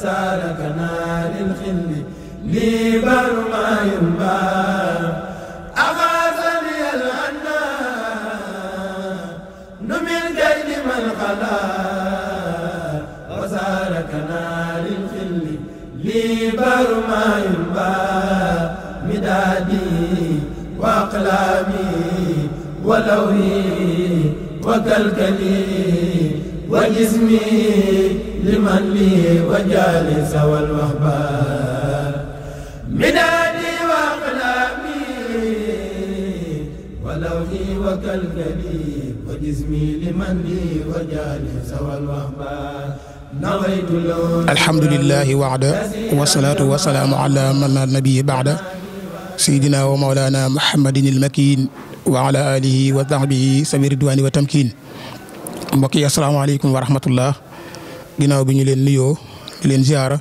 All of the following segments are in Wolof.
فسار كنار الخل لي بر ما ينبار أغاثني الأنا نمي الجيد من خلار وسار كنار الخل لي بر ما ينبار مدادي وأقلامي ولوي وكلكلي وجسمي لمن لي وجالس والوهبان منادي وأقلامي ولوحي وكالكليب وجسمي لمن لي وجالس والوهبان الحمد لله وعده والصلاة والسلام على من النبي بعده سيدنا ومولانا محمد المكين وعلى آله وصحبه سبيل الدوان والتمكين mbokk yi asalaamaaleykum wa rahmatullah ginnaaw bi ñu leen nuyoo di leen ziara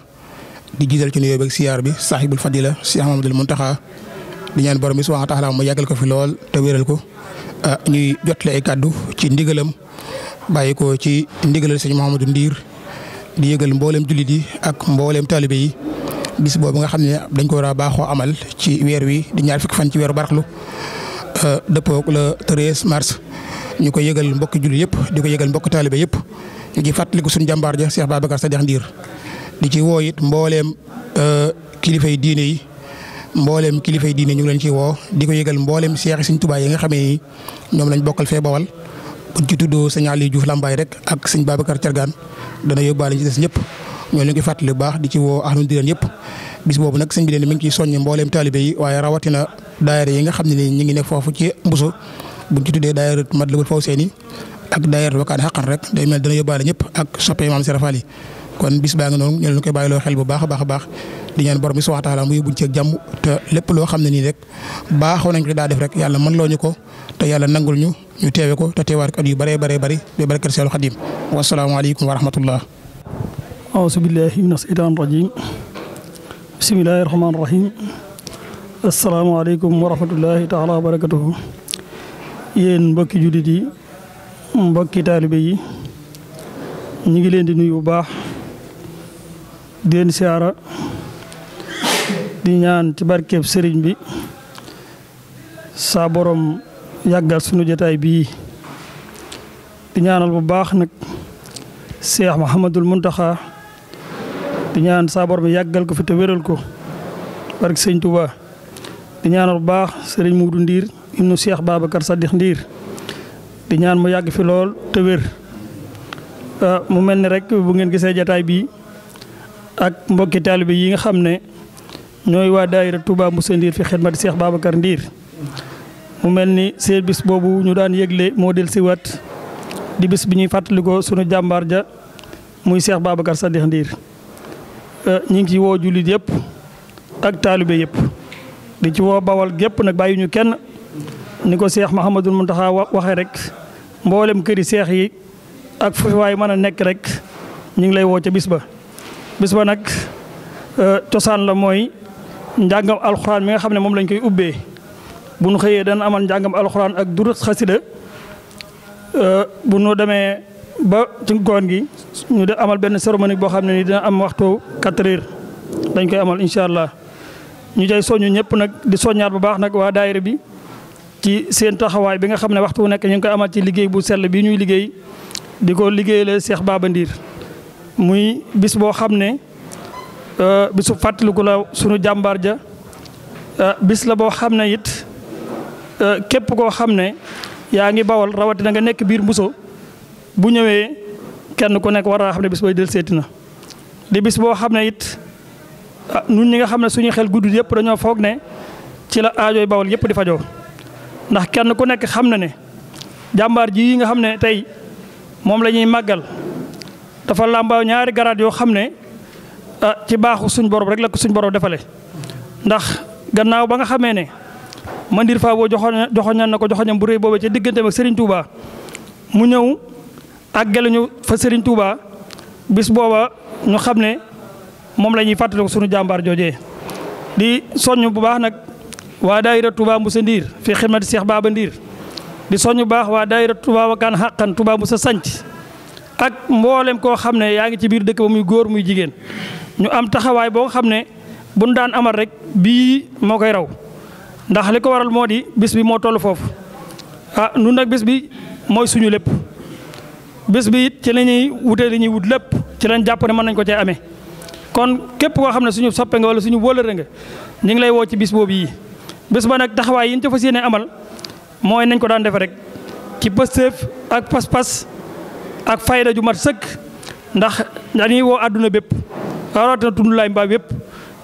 di gisal ci nuyoo beeg ziar bi saaxibul fadila si Ahmadul Muntaxa di ñaan borom bi subhaana taala mu yàggal ko fi lool te wéral ko ah, ñuy jotle ay kàddu ci ndigalam bàyyi ko ci ndigalal sëñ Mouhamadou Ndiir di yëgal mboolem jullit yi ak mboolem taalibe yi bis boobu nga xam ne dañ ko war a baaxoo amal ci weer wi di ñaar fukki fan ci weeru barxlu ah, dëppoo le 13 mars. ñu ko yëgal mbokki jullit yëpp di ko yëgal mbokki taalibe yëpp ñu ngi fàttaliku suñu jàmbaar ja Cheikh Babacar Sadikh Ndir di ci woo it mbooleem euh, kilifay diine yi mbooleem kilifay diine ñu ngi leen ciy woo di ko yëgal mbooleem Cheikh Sëñ Tuubaa yi nga xamee ni ñoom lañ bokkal fee Bawal buñ ci tuddoo sëñ Aliou Diouf Lambaay rek ak sëñ Babacar Cargaan dana yóbbaale ñu des ñëpp ñoo leen fàttali bu baax di ci woo ahlu diine yëpp bis boobu nag sëñ bi ne mi ngi ciy soññ mbooleem taalibe yi waaye rawatina daayira yi nga xam ne ni ñu ngi nekk foofu ci Mbuso buñ ci tuddee daayira Matlaboul Fawzeyni ak daayira Wakana Haqqan rek day mel dana yóbbaale ñëpp ak soppe maam Serap Fall yi kon bis baa ngi noonu koy leen koy bàyyiloo xel bu baax a baax a baax di ñaan borom bi subhaanahu wa taala mu yóbbuñ te lépp loo xam ne nii rek baaxoo nañ ko daa def rek yàlla man loo ñu ko te yàlla nangul ñu ñu teewe ko te teewaat ko at yu bëree bëree bëri di barkeel Seexul Xadiim wasalaamaaleykum wa rahmatullah aousu billahi min asheytaan rajim bismillahi rahmaani rahim asalaamaaleykum wa rahmatullahi taala wa barakatuhu yéen mbokki jullit yi mbokki taalibe yi ñu ngi leen di nuyu bu baax di leen siyaara di ñaan ci barkeeb sëriñ bi saa borom yàggal sunu jotaay bii di ñaanal bu baax nag Cheikh Mouhamadul Mountakha di ñaan saa borom yàggal ko fi te wéral ko barke sëñ Touba di ñaanal bu baax sëriñ Muudu Ndiir ibnu Cheikh Babacar Sadikh Ndiir di ñaan mu yàgg fi lool te wér ah, mu mel ni rek bu ngeen gisee jataay bi ak mbokki taalibe yi nga xam ne ñooy waa daayira tubaab Moussa Ndiir fi xidmati seex Babacar Ndiir mu mel ni seen bis boobu ñu daan yëgle moo del si wat di bis bi ñuy fàttalikoo sunu jàmbaar ja muy Cheikh Babacar Sadikh Ndiir ah, ñu ngi ci woo jullit yëpp ak taalibe yëpp di ci woo bawal gépp nag bàyyi kenn ni ko seex Mahamadul Muntaxa waxee rek mboolem këri seex yi ak fu waay mën a nekk rek ñu ngi lay woo ca bis ba. bis ba nag euh, cosaan la mooy njàngam alxuraan mi nga xam ne moom lañ koy ubbee bu nu xëyee dana amal njàngam alxuraan ak durus xasida euh, bu nu demee ba ci ngoon gi ñu de amal benn cérémonie boo xam ne nii dina am waxtu 4 heures dañ koy amal incha allah ñu jay soñu ñëpp nag di soññaat bu baax nag waa daayira bi. ci seen taxawaay bi nga xam ne waxtu wu nekk ñu ngi koy amal ci liggéey bu sell bi ñuy liggéey di ko liggéeyale Cheikh Baba Ndiir muy bis boo xam ne euh, bisu fàttaliku la sunu jàmbaar ja euh, bis la boo xam ne it euh, képp koo xam ne yaa ngi bawal rawatina nga nekk biir Mbuso bu ñëwee kenn ku nekk war a xam ne bis booy del seeti na di bis boo xam ne it ah, nun ñi nga xam ne suñu xel gudd yëpp dañoo foog ne ci la aajooy bawal yëpp di fajoo ndax kenn ku nekk xam na ne jàmbaar ji yi nga xam ne tey moom la ñuy màggal dafa làmba ñaari garaat yoo xam ne ah, ci baaxu suñ borom rek la ko suñ borom defale ndax gannaaw ba nga xamee ne Mandir Faa boo joxoon joxoñan na ko joxoñam bu rëy boobee ca digganteem ak Serigne Touba mu ñëw àggale ñu fa Serigne Touba bis booba ñu xam ne moom la ñuy fàttaliku suñu jàmbaar joojee di soññ bu baax nag. waa daayira Touba Moussa Ndiir fi xidmati Cheikh Baba Ndiir di soñu baax waa daayira Touba Wakkaan xàqan Touba Moussa sanc ak mboolem koo xam ne yaa ngi ci biir dëkk ba muy góor muy jigéen ñu am taxawaay boo xam ne buñ daan amal rek bii moo koy raw ndax li ko waral moo di bis bi moo toll foofu ah nun nag bis bi mooy suñu lépp bis bi it ci la ñuy wutee li ñuy wut lépp ci lañ jàpp ne mën nañ ko cee amee kon képp koo xam ne suñu soppe nga wala suñu nga ñu ngi lay woo ci bis boobu yi bés ba nag taxawaay yi ñu ci fa yéene amal mooy nañ ko daan defe rek ci pësteef ak pas-pas ak fayda ju mat sëkk ndax dañuy woo àdduna bépp rawatina tundulaay mbaam yépp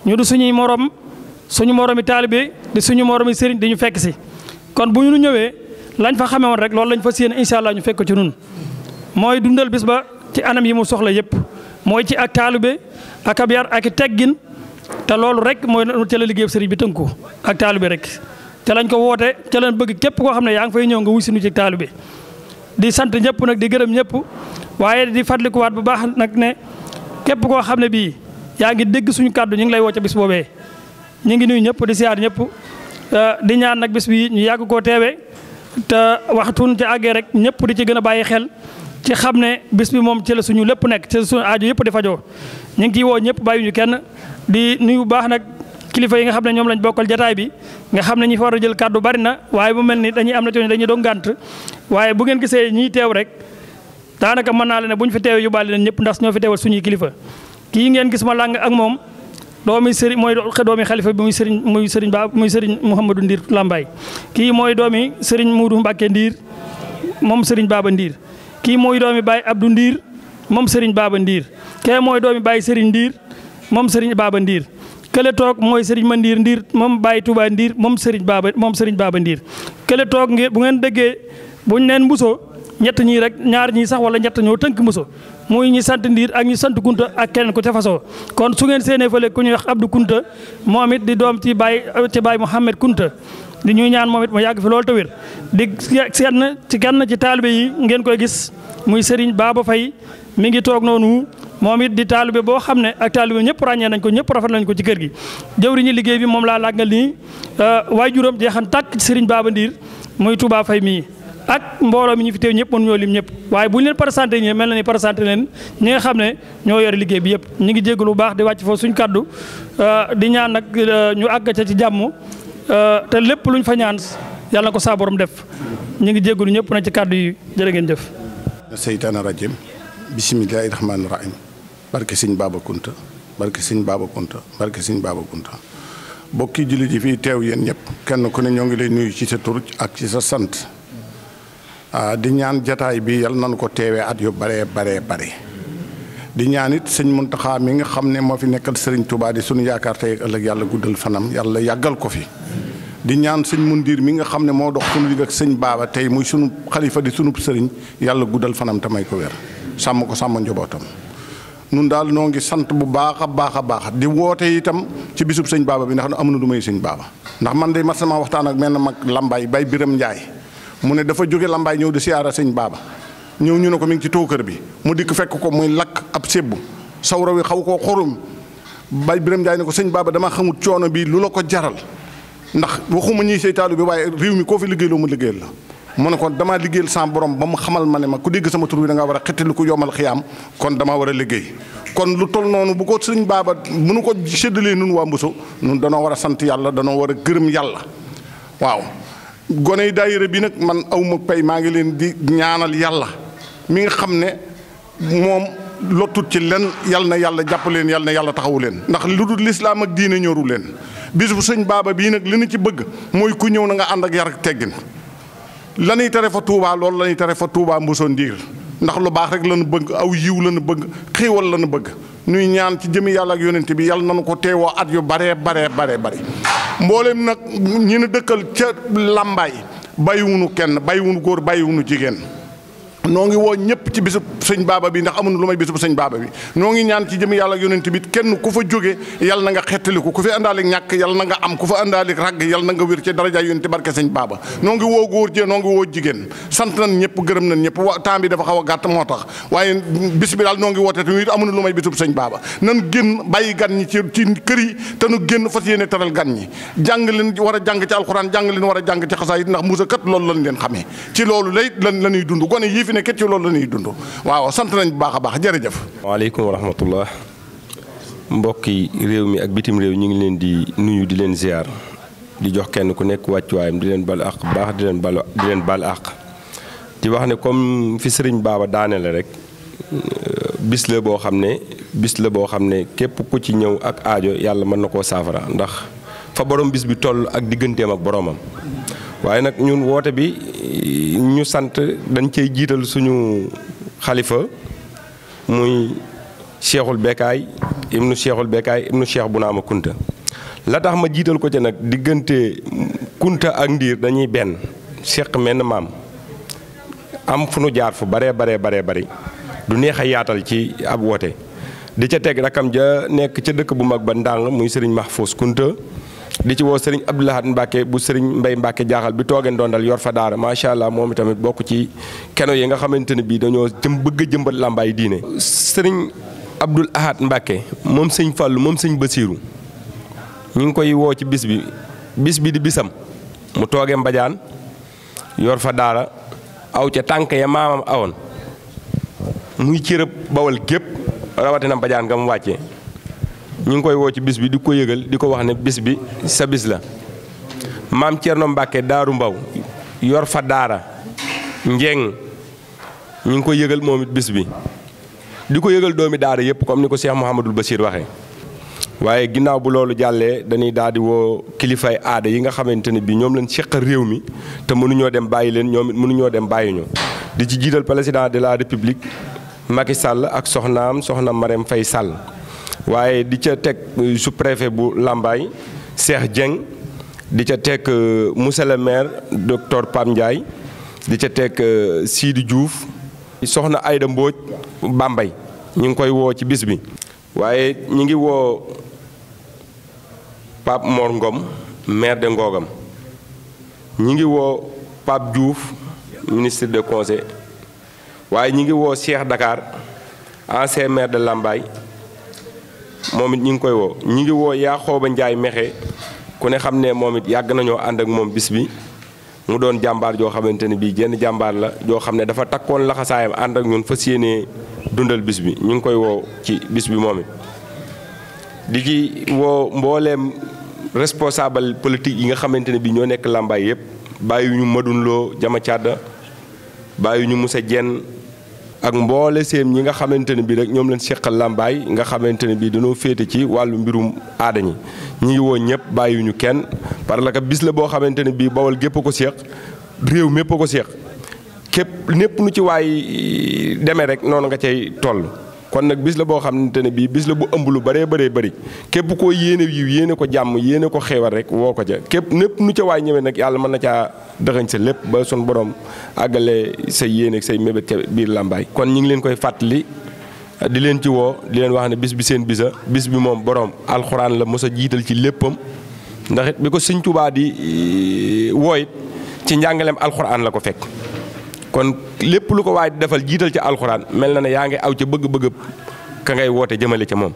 ñu du suñuy morom suñu moromi taalibe di suñu moromi sëriñ di ñu fekk si kon bu ñu ñëwee lañ fa xamee woon rek loolu lañ fa yéene incha allah ñu fekk ci nun mooy dundal bis ba ci anam yi mu soxla yépp mooy ci ak taalibe ak ab yar ak teggin te loolu rek mooy ca la liggéeyub sëriñ bi tënku ak taalibe rek ca lañ ko woote ca bëgg képp koo xam ne yaa ngi fay ñëw nga wuy sinu ci taalibe di sant ñëpp nag di gërëm ñëpp waaye di fàttalikuwaat bu baax nag ne képp koo xam ne bii yaa ngi dégg suñu kàddu ñu ngi lay woo ca bis boobee ñu ngi nuyu ñëpp di siyaar ñëpp eh, di ñaan nag bis bi ñu yàgg koo teewee te waxtuun ci àggee rek ñëpp di ci gën a bàyyi xel ci xam ne bis bi moom ci suñu lépp nekk ci suñu ajo yëpp di fajoo ñu ngi ciy woo bàyyi ñu kenn di nuyu baax nag kilifa yi nga xam ne ñoom lañ bokkal jataay bi nga xam ne ñi fa war a jël kàddu bari na waaye bu mel ni dañuy am na coono dañuy doon gànt waaye bu ngeen gisee ñiy teew rek daanaka mën naa leen bu ñu fi teewee yóbbaale leen ñëpp ndax ñoo fi teewal suñuy kilifa kii ngeen gis ma làng ak moom doomi sëriñ mooy doomi xalifa bi muy sëriñ muy sëriñ ba muy sëriñ Mouhamadou Ndiir Lambaye kii mooy doomi sëriñ Moudou Mbacke Ndiir moom sëriñ Baba Ndiir kii mooy doomi Baye Abdou Ndiir moom sëriñ Baba Ndiir kee mooy doomi Baye Sëriñ Ndiir moom Serigne baaba Ndiir kële toog mooy Serigne ma Ndiir Ndiir moom Baye Touba Ndiir moom Serigne baaba moom Serigne Baba Ndiir kële toog ngeen bu ngeen dëggee buñ neen Mbuso ñett ñii rek ñaar ñii sax wala ñett ñoo tënk Mbuso muy ñi sant Ndiir ak ñi sant Kunta ak keneen ku ca fasoo kon su ngeen séenee fële ku ñuy wax Kunta moom it di doom ci Baye ci Baye Mouhamed Kunta di ñuy ñaan moom it mu yàgg fi loolu te wér di seen ci kenn ci taalibe yi ngeen koy gis muy Serigne Baba Faye mi ngi toog noonu moom it di taalibe boo xam ne ak taalibe ñëpp ràññee nañ ko ñëpp rafet nañ ko ci kër gi jëwriñu liggéey bi moom laa laaj nga nii euh, waaye juróom jeexan tàkk Serigne Baba Ndiir muy Touba Faye mii ak mbooloo mi ñu fi teew ñëpp mënu ñoo lim ñëpp waaye bu ñu leen présenté ñi mel na ni présenté leen ñi nga xam ne ñoo yore liggéey bi yëpp ñu ngi jégalu lu baax di wàcc foofu suñ kaddu euh, di ñaan nag euh, ñu àgg ci jàmm te lépp luñ fa ñaan yàlla ko saa borom def ñu ngi jégalu ñëpp na ci kaddu yi jërë ngeen jëf seytaana rajim bismillaahi rahmaani rahim barke Sëñ Baba Kunta barke Sëñ Baba Kunta barke Sëñ Baba Kunta bokki jullit yi fii teew yéen ñëpp kenn ku ne ñoo ngi lay nuyu ci sa tur ak ci sa sant ah, di ñaan jataay bi yal nañu ko teewee at yu baree baree bare di ñaan it sëñ Muntaxa mi nga xam ne moo fi nekkal sëriñ Touba yi suñu yaakaar tey ëllëg yàlla guddal fanam yàlla yàggal ko fi di ñaan sëñ diir mi nga xam ne moo dox suñu digg ak sëñ Baaba tey muy suñu xalifa di sunu sëriñ yàlla guddal fanam te may ko wér sàmm ko sàmm njobootam nun daal noo ngi sant bu baax a baax a di woote itam ci bisub sëñ baaba bi ndax nu amuna du may sëñ baaba ndax man de mat sama waxtaan ak menn mag lambaay bay biram njaay mu ne dafa jóge lambaay ñëw di siyaara sëñ baaba ñëw ñu ne ko mi ngi ci tóokër bi mu dikk fekk ko muy lakk ab sébbu sawra wi xaw koo xorum bay biram njaay ne ko sëñ baaba dama xamut coono bi lu la ko jaral ndax waxuma ñuy seytaalu bi waaye réew mi koo fi liggéey loo mu liggéeyal la mu ne ko damaa liggéeyal sama borom ba mu xamal ma ne ma ku dégg sama tur bi da war a xetti lu ko yomal xiyaam kon dama war a liggéey kon lu tol noonu bu ko sëñ baaba mënu ko séddalee nun waa Mbuso nun danoo war a sant yàlla danoo war a gërëm yàlla waaw gone yi daayira bi nag man awma pay maa ngi leen di ñaanal yàlla mi nga xam ne moom lottut ci len yal na yàlla jàpp leen yal yàlla taxawu leen ndax lu dul lislaam ak diine ñoru leen bis bu sëñ baaba bii nag li ñu ci bëgg mooy ku ñëw na nga ànd ak yar ak teggin la ñuy tere fa loolu la ñuy tere fa Touba Moussa Ndiir ndax lu baax rek lanu bëgg aw yiw la ñu bëgg xéewal la ñu bëgg ñuy ñaan ci jëmi yàlla ak yonent bi yàlla nañu ko teewoo at yu baree baree baree bëri. mboolem nag ñi ne dëkkal ca làmbaay bàyyiwunu kenn bàyyiwunu góor bàyyiwunu jigéen. noo ngi woo ñëpp ci bisub sëñ baaba bi ndax amul lu may bisub sëñ baaba bi noo ngi ñaan ci jëm yàlla yonent bi kenn ku fa jóge yàlla na nga xettaliku ku fi àndaale ñàkk yàlla na nga am ku fa àndaale ràgg yàlla na nga wér ci daraja yonent barke sëñ baaba noo woo góor jee noo woo jigéen sant nañ ñëpp gërëm nañ ñëpp wa temps bi dafa xaw a gàtt moo tax waaye bis bi daal noo ngi woote tamit amul lu may bisub sëñ baaba nan génn bàyyi gan ñi ci te nu génn fas yéene teral war a jàng ci alxuraan jàng leen war a jàng ci xasaayit ndax muusa kat loolu lañ leen xamee ci nekk ci loolu la ñuy dund waaw sant nañ bu baax a baax jërëjëf. waaleykum wa rahmatullah mbokki réew mi ak bitim réew ñu ngi leen di nuyu di leen ziar di jox kenn ku nekk wàccuwaayam di leen balu àq bu baax di leen balu di leen balu àq di wax ne comme fi sëriñ baaba daaneele rek euh, bis la boo xam ne bis la boo xam ne képp ku ci ñëw ak aajo yàlla mën na koo saafara ndax fa borom bis bi toll ak digganteem ak boromam. waaye nag ñun woote bi ñu sant dañ cey jiital suñu xalifa muy cheikhul bekaay ibnu cheikhul bekaay ibnu cheikh Bunaama Kunta la tax ma jiital ko ca nag diggante Kunta ak Ndiir dañuy benn seq menn maam am fu nu jaar fu baree baree baree bari du neex a yaatal ci ab woote di ca teg rakam ja nekk ca dëkk bu mag ba ndàng muy sëriñ Mahfous Kunta di ci woo sëriñ Abdou Lahad Mbacke bu sëriñ Mbay Mbacke jaaxal bi toogeen doon dal yor fa daara macha allah moom itamit bokk ci keno yi nga xamante ne bii dañoo jëm bëgg a jëmbat làmbaay diine. sëriñ Abdou Lahad Mbacke moom sëñ Fallou moom sëñ Basiiru ñu ngi koy woo ci bis bi bis bi di bisam mu tooge mbajaan yor fa daara aw ca tànk ya maamam awoon muy cërëb bawal gépp rawatina Mbadiane nga mu wàcce ñu ngi koy woo ci bis bi di ko yëgal di ko wax ne bis bi sa bis la maam Thierno Mbacke daaru mbaw yor fa daara njeng ñu ngi koy yëgal moom it bis bi di ko yëgal doomi daara yëpp comme ni ko Cheikh Mouhamadul Bachir waxe waaye ginnaaw bu loolu jàllee dañuy daal di woo kilifay aada yi nga xamante ne bii ñoom lañ seqal réew mi te mënuñoo dem bàyyi leen ñoom it mënuñoo dem bàyyi ñu di ci jiital président de la république Macky sàll ak soxnaam soxna Marème Faye Sall waaye di ca teg euh, sous bu làmbaay Cheikh Dieng di ca teg euh, monsieur le maire docteur Pam Ndiaye di ca teg euh, Sidi Diouf soxna Aïda Mbodj Bambay ñu ngi koy woo ci bis bi waaye ñu ngi woo Pape Mor Ngom maire de Ngogam ñi ngi woo Pape Diouf ministre de conseil waaye ñi ngi woo Cheikh Dakar ancien maire de Lambaye moom it ñu ngi koy woo ñu ngi woo yaa xooba njaay mexe ku ne xam ne moom it yàgg nañoo ànd ak moom bis bi mu doon jàmbaar joo xamante ne bii jenn jàmbaar la joo xam ne dafa takkoon laxasaayam ànd ak ñun fas yéenee dundal bis bi ñu ngi koy woo ci bis bi moom di ci woo mbooleem responsable politique yi nga xamante ne bii ñoo nekk làmbaay yëpp bàyyi ñu madunloo jama càdda bàyyi ñu musa jenn ak mboole seen ñi nga xamante ne bii rek ñoom leen seqal lambaay nga xamante ne bii dañoo féete ci wàllu mbirum aada ñi ñu ngi woon ñëpp bàyyiwuñu kenn parce que bis la boo xamante ne bii bawal gépp ko seq réew mépp ko seq képp népp nu ci waay demee rek noonu nga cay toll. kon nag bis la boo xamante ne bii bis la bu ëmb lu bëree bëree bëri képp koo yéene yiw yéene ko jàmm yéene ko xéewal rek woo ko ca képp népp nu ca waay ñëwee nag yàlla mën na caa dëxañ sa lépp ba sun borom àggale say yéene say mébét ca biir làmbaay kon ñu ngi leen koy fàttali di leen ci woo di leen wax ne bis bi seen bisa bis bi moom borom alxuraan la mos a jiital ci léppam ndax it bi ko sëñ Tuubaa di e, wooyit ci njàngaleem alxuraan la ko fekk kon lépp lu ko waay di defal jiital ci alxuraan mel na ne yaa ngi aw ca bëgg-bëgg ka ngay woote jëmale ca moom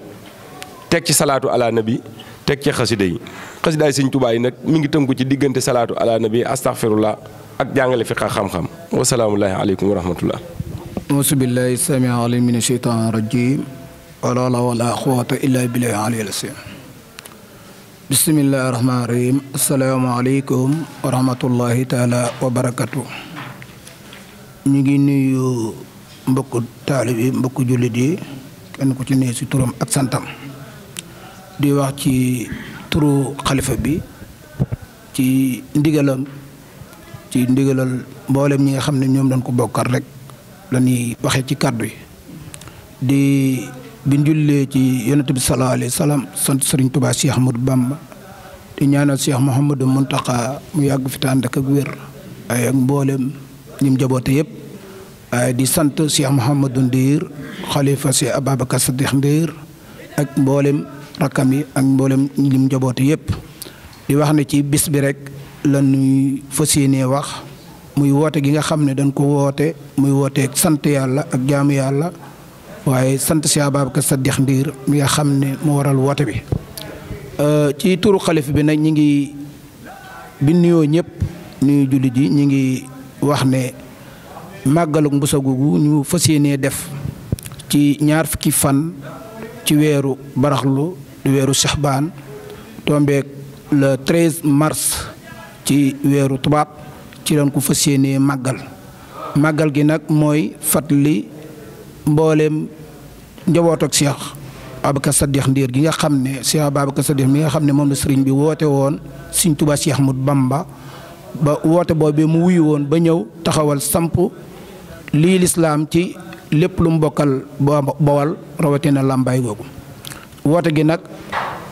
teg ci salaatu ala nabi teg ci xasida yi xasidaay sëñ Tuubaa yi nag mi ngi tënku ci diggante salaatu ala nabi astaghfirullah ak jàngale fiqa xam-xam wasalaamullahi aleykum wa rahmatullah auzu billahi samii ñu ngi nuyu mbokku taalib bi mbokku jullit di kenn ko ci ne si turam ak santam di wax ci turu xalifa bi ci ndigalam ci ndigalal mboolem ñi nga xam ne ñoom dañ ko bokkar rek lañuy waxee ci kàddu yi di bi jullee ci yonent bi sallallahu alayhi wa sallam sant Serigne Touba Cheikh Ahmadou Bamba di ñaanal Cheikh Mouhamadou mu yàgg fi tànd ak wér ay ak mboolem. ñi mu jaboote yëpp di sant Cheikh Mouhamadou Ndiir xalifa si Ababacar Ndiir ak mboolem rakkam yi ak mboolem ñi jaboote yëpp di wax ne ci bis bi rek lan ñuy fas yéenee wax muy woote gi nga xam ne danga ko woote muy wooteeg sant yàlla ak jaamu yàlla waaye sant si Ababacar Sadikh Ndiir mi nga xam ne mu waral woote bi euh, ci turu xalif bi nag ñi ngi bi nuyoo ñëpp nuyu jullit yi ñi ngi wax ne màggalug Mbuso googu ñu fas yéenee def ci ñaar fukki fan ci weeru baraxlu di weeru sexbaan tombeek le 13 ci weeru tubaab ci lañ ku fas yéenee màggal màggal gi nag mooy fàttali mboolem njaboot ak Cheikh Ababacar Sadikh Ndiir gi nga xam ne Cheikh Ababacar Sadikh mi nga xam ne moom la sëriñ bi woote woon Sëriñ Tuubaa Cheikh Ahmadou Bamba ba woote boobu mu wuyu woon ba ñëw taxawal samp lii lislaam ci lépp lu mu bokkal bawal rawatina làmbaay googu woote gi nag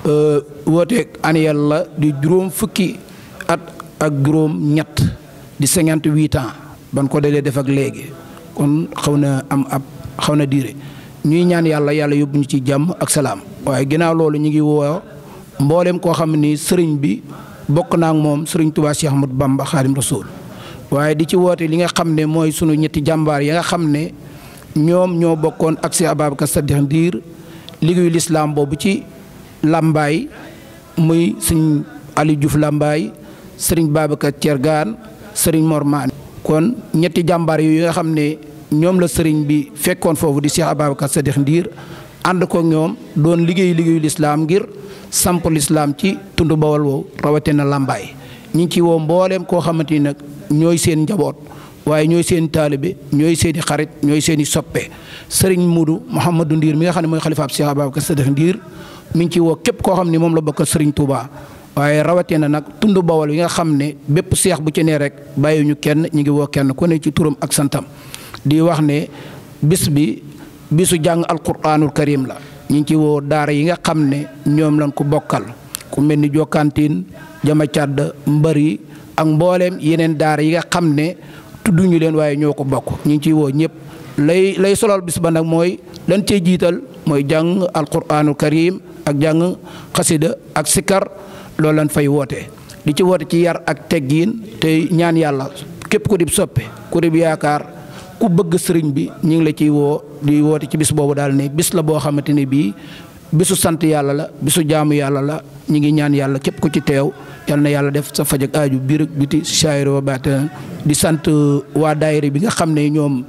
euh, woote annuel la di juróom fukki at ak juróom ñett di cinquante huit ans ban ko dalee def ak léegi kon xaw na am ab xaw na diire ñuy ñaan yàlla yàlla yóbbu ñu ci jàmm ak salaam waaye ginnaaw loolu ñu ngi woo mbooleem koo xam ni sëriñ bi bokk naa ak moom sëriñ Tuubaa Cheikh Ahmadou Bamba Xaadim Rasuul waaye di ci woote li nga xam ne mooy sunu ñetti jàmbaar ya nga xam ne ñoom ñoo bokkoon ak Cheikh Ababacar Sadikh Ndir liggéeyu lislaam boobu ci làmbaay muy sëñ Aliou làmbaay sëriñ Babacar Thiergane sëriñ Mor Maane kon ñetti jàmbaar yooyu nga xam ne ñoom la sëriñ bi fekkoon foofu di Cheikh Ababacar Sadikh Ndir ànd ko ñoom doon liggéeyu liggéeyu lislaam ngir samp lislaam ci tund bawal woowu na làmbaay ñi ngi ci woo mbooleem koo xamante ni nag ñooy seen njaboot waaye ñooy seen taalibe ñooy seen i xarit ñooy seen i soppe sëriñ Muudu Mouhamadou Ndiir mi nga xam ne mooy xalifa ab Cheikh Ababacar Sadikh Ndiir mi ngi ci woo képp koo xam ne moom la bokk sëriñ Touba waaye na nag tund bawal yi nga xam ne bépp seex bu ci nee rek bàyyi ñu kenn ñu ngi woo kenn ku ne ci turam ak santam di wax ne bis bi bisu jàng alquraanul karim la ñu ngi ci woo daara yi nga xam ne ñoom lañ ko bokkal ku mel ni jokkantiin jama càdd mbër ak mbooleem yeneen daara yi nga xam ne tudd leen waaye ñoo ko bokk ñu ngi ciy woo ñëpp lay lay solal bis ba nag mooy lan cee jiital mooy jàng alquraanul karim ak jàng xasida ak sikar loolu lan fay woote di ci woote ci yar ak teggiin te ñaan yàlla képp ku dib soppe ku dib yaakaar ku bëgg sëriñ bi ñu ngi la ciy woo di woote ci bis boobu daal ne bis la boo xamante ne bii bisu sant yàlla la bisu jaamu yàlla la ñu ngi ñaan yàlla képp ku ci teew yal na yàlla def sa faj ak aaju biir ak biti saayir wa baatin di sant uh, waa daayira bi nga xam ne ñoom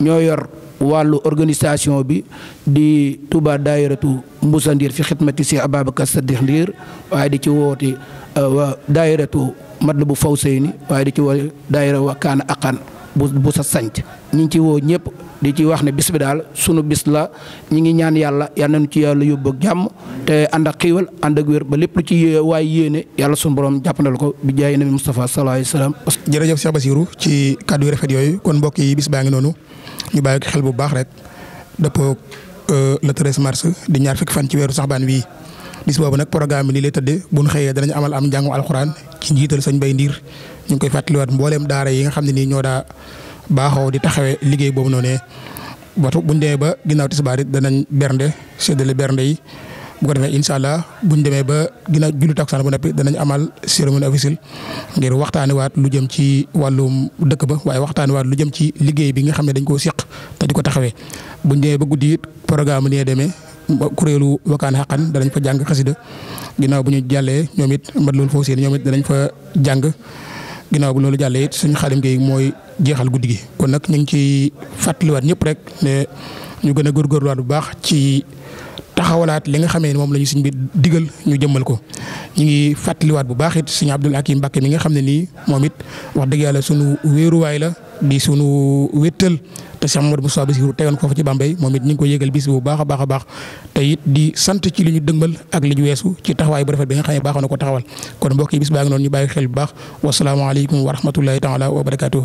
ñoo yor wàllu organisation bi di Touba daayiratu Mbuusa Ndiir fi xidmati si Ababacar Sadikh Ndiir waaye di ci woote uh, waa daayiratu Matlabu Fawseyni waaye di ci woote daayira wa Kaana Aqan bu bu sa sanc ñu ci woo ñëpp di ci wax ne bis bi daal sunu bis la ñi ngi ñaan yàlla yal nañu ci yàlla yóbbu ak jàmm te ànd ak xiiwal ànd ba lépp lu ci waay yéene yàlla sunu borom jàppandal ko bi jaay nabi Moustapha sallallahu alayhi wasallam. jërëjëf Cheikh Basirou ci kàddu yu rafet yooyu kon mbokk yi bis baa ngi noonu ñu bàyyi ko xel bu baax rek dëppoo euh, le 13 mars di ñaar fukki fan ci weeru saxbaan wii bis boobu nag programme bi nii lay tëddee bu ñu xëyee danañ amal am njàngu alxuraan ci njiital sëñ Bay Ndiir ñu ngi koy fàttaliwaat mbooleem yi baaxoo di taxawee liggéey boobu noonu waxtu bu ñu demee ba ginaaw tisbaar it danañ bernde séddale bernde yi bu ko defee incha allah bu ñu demee ba ginnaaw julli takkusaan bu noppi danañ amal cérémonie officielle ngir waxtaanee waat lu jëm ci wàllum dëkk ba waaye waxtaanee waat lu jëm ci liggéey bi nga xam ne dañ koo seq te ko taxawee. bu ñu demee ba guddi it programme nee demee kuréelu wakaan xaqan danañ fa jàng xasida ginnaaw bu ñu jàllee ñoom it loolu foo seen ñoom it danañ fa jàng ginnaaw bu loolu jàllee suñu xaalim gi mooy jeexal guddi gi kon nag ñu ngi ci fàttaliwaat ñëpp rek ne ñu gën a góorgóorluwaat bu baax ci taxawalaat li nga xamee ne moom la ñu bi digal ñu jëmmal ko ñu ngi fàttaliwaat bu baax it suñu Abdul Hakim Mbàkke mi nga xam ne nii moom it wax dëgg yàlla sunu wéeruwaay la di sunu wéttal te Cheikh Mamadou Moussa Bassirou teyoon ko fa ñu ngi ko yégal bis bu baax a baax a baax te it di sant ci li ñu dëgmal ak li ñu weesu ci taxawaay bu rafet bi nga xam ne baaxoon na ko taxawal kon mbokk yi bis baa noonu ñu bàyyi xel bu baax wasalaamaaleykum wa rahmatullahi taala wa barakaatuh